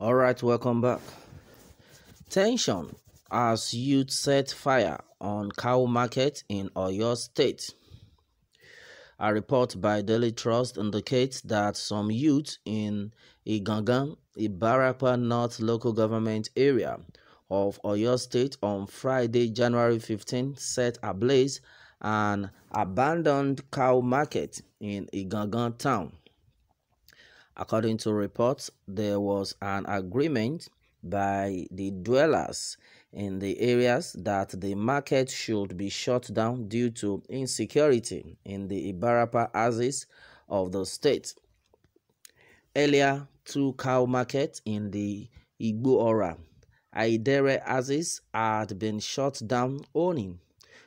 All right, welcome back. Tension as youth set fire on cow market in Oyo State. A report by Daily Trust indicates that some youth in Igangan, Ibarapa North local government area of Oyo State on Friday, January 15, set ablaze an abandoned cow market in Igangan town. According to reports, there was an agreement by the dwellers in the areas that the market should be shut down due to insecurity in the Ibarapa axis of the state. Earlier, two cow markets in the Iguora Aidere axis had been shut down owing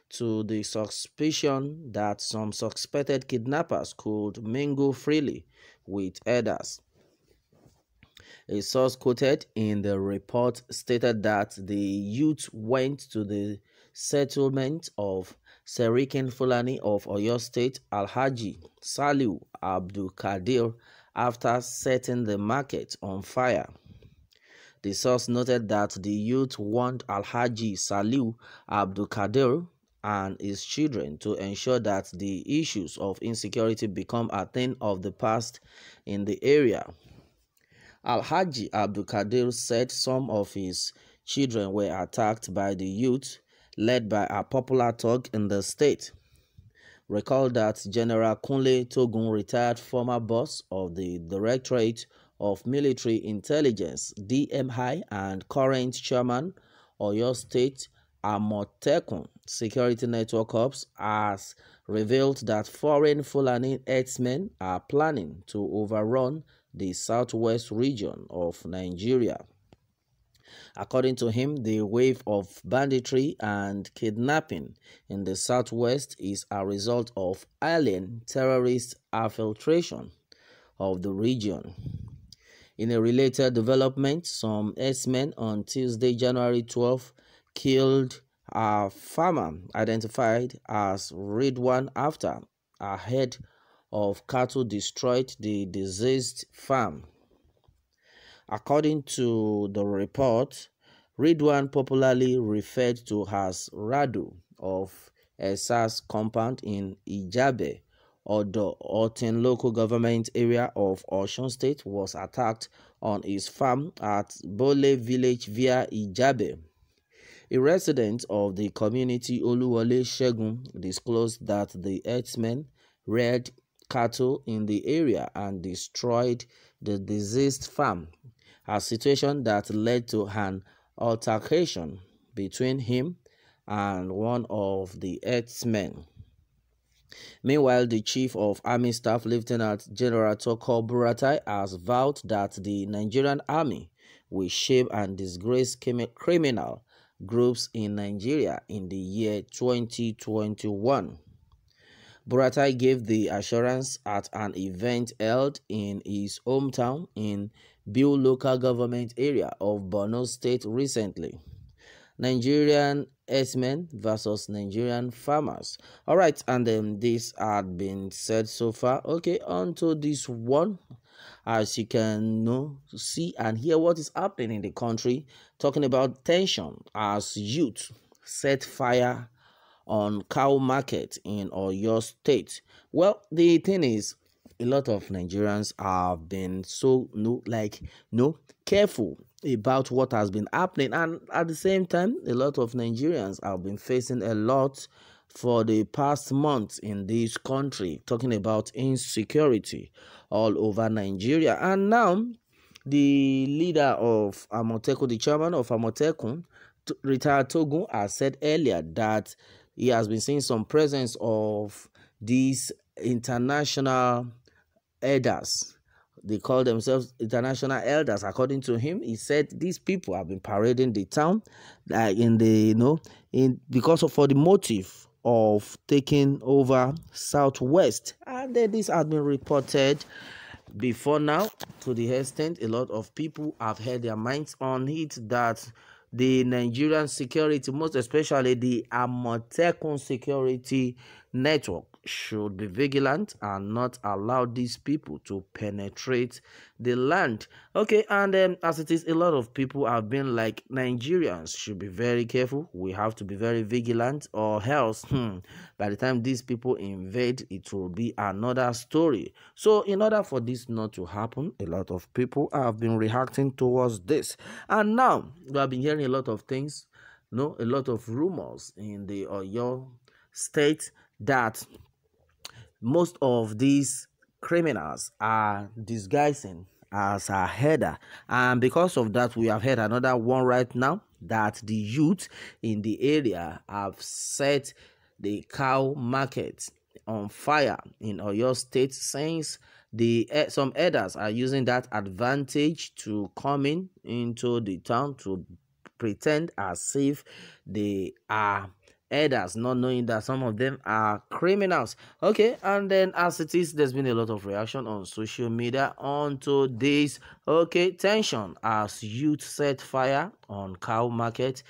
to the suspicion that some suspected kidnappers could mingle freely with others. A source quoted in the report stated that the youth went to the settlement of Serikin Fulani of Oyo State Alhaji Salu Abdul Kadir after setting the market on fire. The source noted that the youth warned Alhaji Salu Abdul Kadir and his children to ensure that the issues of insecurity become a thing of the past in the area. Al-Haji Abdul Qadir said some of his children were attacked by the youth led by a popular talk in the state. Recall that General Kunle Togun, retired former boss of the Directorate of Military Intelligence, DMI, and current chairman, Oyo State Amotekun security network ops has revealed that foreign Fulani herdsmen are planning to overrun the southwest region of Nigeria. According to him, the wave of banditry and kidnapping in the southwest is a result of alien terrorist infiltration of the region. In a related development, some S-men on Tuesday, January 12, killed a farmer identified as Ridwan after a herd of cattle destroyed the diseased farm. According to the report, Ridwan popularly referred to as Radu of Esa's compound in Ijabe, or the Oten local government area of Osun State was attacked on his farm at Bole village via Ijabe. A resident of the community Oluwole Shegun disclosed that the herdsmen reared cattle in the area and destroyed the diseased farm, a situation that led to an altercation between him and one of the herdsmen. Meanwhile, the Chief of Army Staff Lieutenant General Toko Buratai has vowed that the Nigerian Army will shame and disgrace criminal groups in Nigeria in the year 2021. Buratai gave the assurance at an event held in his hometown in Biu local government area of Borno State recently. Nigerian herdsmen versus Nigerian farmers. All right, and then this had been said so far. Okay, on to this one as you can know, see and hear what is happening in the country, talking about tension as youth set fire on cow market in Oyo State. Well, the thing is, a lot of Nigerians have been so no like no careful about what has been happening, and at the same time, a lot of Nigerians have been facing a lot for the past month in this country, talking about insecurity all over Nigeria. And now, the leader of Amoteko, the chairman of Amoteko, retired Togun, has said earlier that he has been seeing some presence of these international elders. They call themselves international elders, according to him. He said these people have been parading the town, like in the you know, in because of for the motive of taking over Southwest. And then this has been reported before now to the extent a lot of people have had their minds on it that the Nigerian security, most especially the Amotekun security network, should be vigilant and not allow these people to penetrate the land. Okay, and um, as it is, a lot of people have been like Nigerians should be very careful. We have to be very vigilant, or else hmm, by the time these people invade, it will be another story. So, in order for this not to happen, a lot of people have been reacting towards this, and now we have been hearing a lot of things. You no, know, a lot of rumors in the Oyo state that most of these criminals are disguising as a header and because of that we have had another one right now that the youth in the area have set the cow market on fire in Oyo State since the eh, some elders are using that advantage to come in into the town to pretend as if they are elders, not knowing that some of them are criminals. Okay, and then as it is, there's been a lot of reaction on social media onto this. Okay, tension as youth set fire on cow market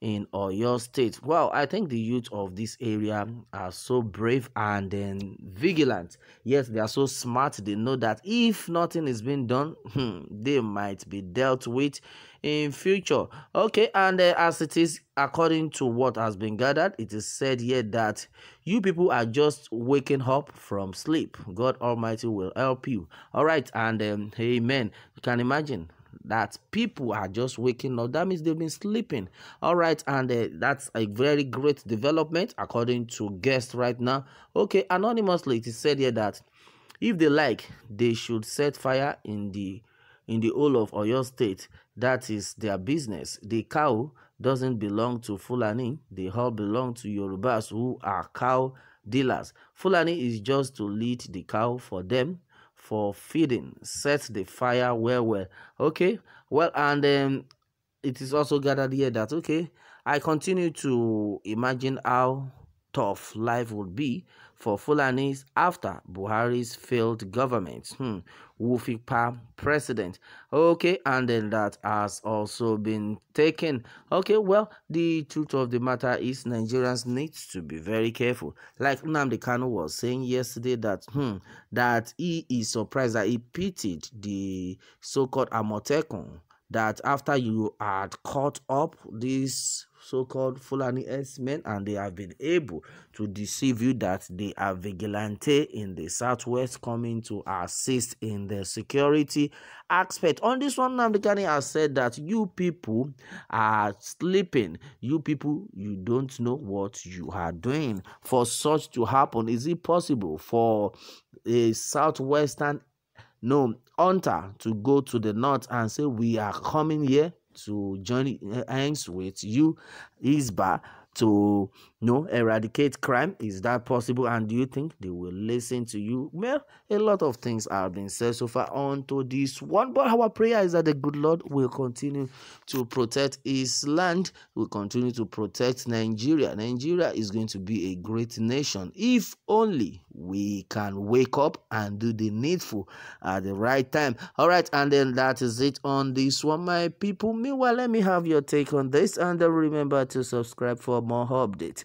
in Oyo State. Well, I think the youth of this area are so brave and then um, vigilant. Yes, they are so smart. They know that if nothing is being done, hmm, they might be dealt with in future. Okay, and uh, as it is, according to what has been gathered, it is said here that you people are just waking up from sleep. God Almighty will help you. All right, and um, amen. You can imagine that people are just waking up. That means they've been sleeping. All right, and uh, that's a very great development according to guests right now. Okay, anonymously, it is said here that if they like, they should set fire in the in the whole of Oyo State. That is their business. The cow doesn't belong to Fulani. They all belong to Yorubas who are cow dealers. Fulani is just to lead the cow for them for feeding. Set the fire well, well. Okay, well, and then um, it is also gathered here that, okay, I continue to imagine how tough life would be for Fulanis after Buhari's failed government. Hmm. Wufipa president. Okay, and then that has also been taken. Okay, well, the truth of the matter is Nigerians need to be very careful. Like Nnamdi Kano was saying yesterday that hmm, that he is surprised that he pitied the so-called Amotekun that after you had caught up this so-called Fulani S-men and they have been able to deceive you that they are vigilante in the southwest coming to assist in the security aspect. On this one, Namdekani has said that you people are sleeping. You people, you don't know what you are doing. For such to happen, is it possible for a southwestern no hunter to go to the north and say we are coming here to join uh, hands with you Isba to no, eradicate crime. Is that possible? And do you think they will listen to you? Well, a lot of things have been said so far on to this one. But our prayer is that the good Lord will continue to protect his land, will continue to protect Nigeria. Nigeria is going to be a great nation if only we can wake up and do the needful at the right time. All right, and then that is it on this one, my people. Meanwhile, let me have your take on this and remember to subscribe for more updates.